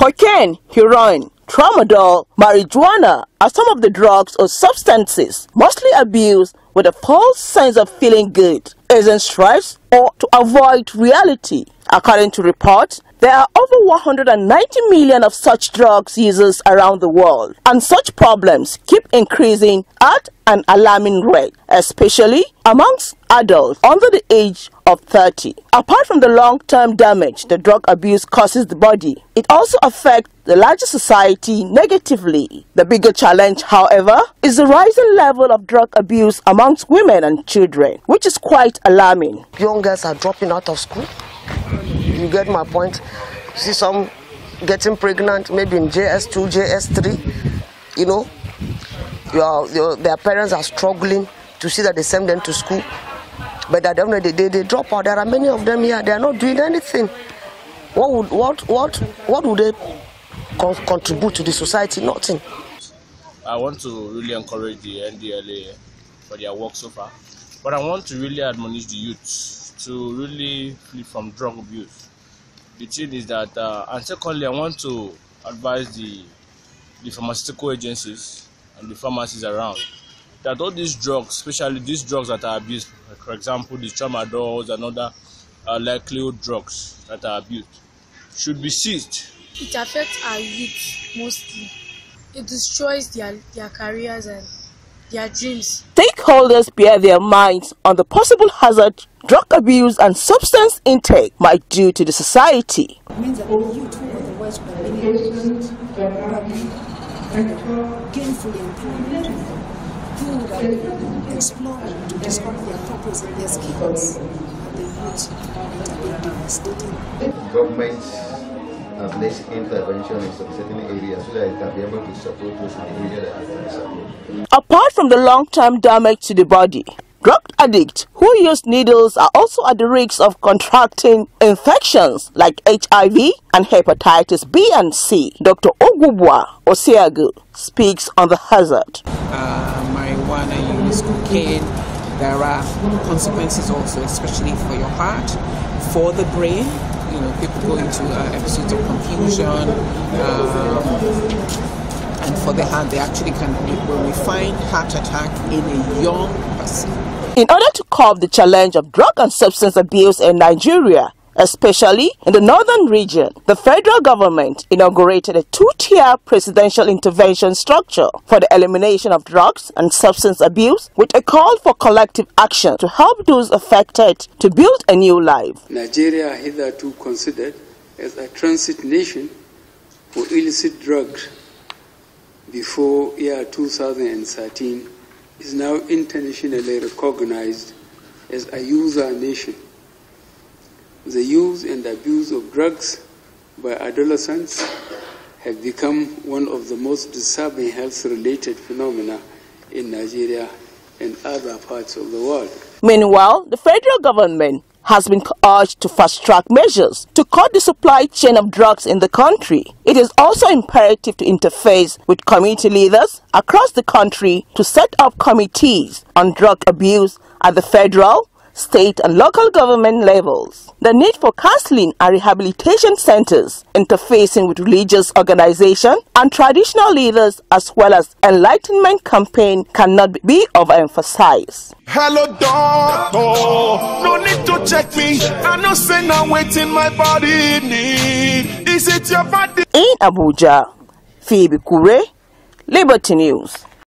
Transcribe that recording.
Cocaine, heroin, tramadol, marijuana are some of the drugs or substances mostly abused with a false sense of feeling good, as in stress or to avoid reality. According to reports, there are over 190 million of such drugs users around the world, and such problems keep increasing at an alarming rate, especially amongst adults under the age of 30. Apart from the long-term damage the drug abuse causes the body, it also affects the larger society negatively. The bigger challenge, however, is the rising level of drug abuse amongst women and children, which is quite alarming. Young girls are dropping out of school you get my point. See some getting pregnant, maybe in JS2, JS3, you know, your, your, their parents are struggling to see that they send them to school. But at the end of the day, they drop out. There are many of them here. They are not doing anything. What would what what what would they con contribute to the society? Nothing. I want to really encourage the NDLA for their work so far, but I want to really admonish the youth to really flee from drug abuse the thing is that, uh, and secondly, I want to advise the the pharmaceutical agencies and the pharmacies around that all these drugs, especially these drugs that are abused, like for example, the tramadols and other uh, likelihood drugs that are abused, should be seized. It affects our youth mostly. It destroys their, their careers and their dreams. Stakeholders bear their minds on the possible hazard drug abuse and substance intake might do to the society. Governments have less intervention in some certain areas so that it can be able to support those in the area that supported. Apart from the long-term damage to the body, Drug addicts who use needles are also at the risk of contracting infections like HIV and hepatitis B and C. Dr. Ogubwa Osiagu speaks on the hazard. Uh, marijuana use, cocaine, there are consequences also, especially for your heart, for the brain. You know, people go into uh, episodes of confusion. Um, and for the heart, they actually can, we find heart attack in a young person. In order to curb the challenge of drug and substance abuse in Nigeria, especially in the northern region, the federal government inaugurated a two-tier presidential intervention structure for the elimination of drugs and substance abuse with a call for collective action to help those affected to build a new life. Nigeria hitherto considered as a transit nation for illicit drugs before year 2013 is now internationally recognized as a user nation. The use and abuse of drugs by adolescents have become one of the most disturbing health-related phenomena in Nigeria and other parts of the world. Meanwhile, the federal government has been urged to fast-track measures to cut the supply chain of drugs in the country. It is also imperative to interface with community leaders across the country to set up committees on drug abuse at the federal, state, and local government levels. The need for counseling and rehabilitation centers interfacing with religious organizations and traditional leaders as well as enlightenment campaign cannot be overemphasized. Hello, doctor. No need to check me. I know say now waiting my body need. Is it your body? In Abuja, Phoebe Kure, Liberty News.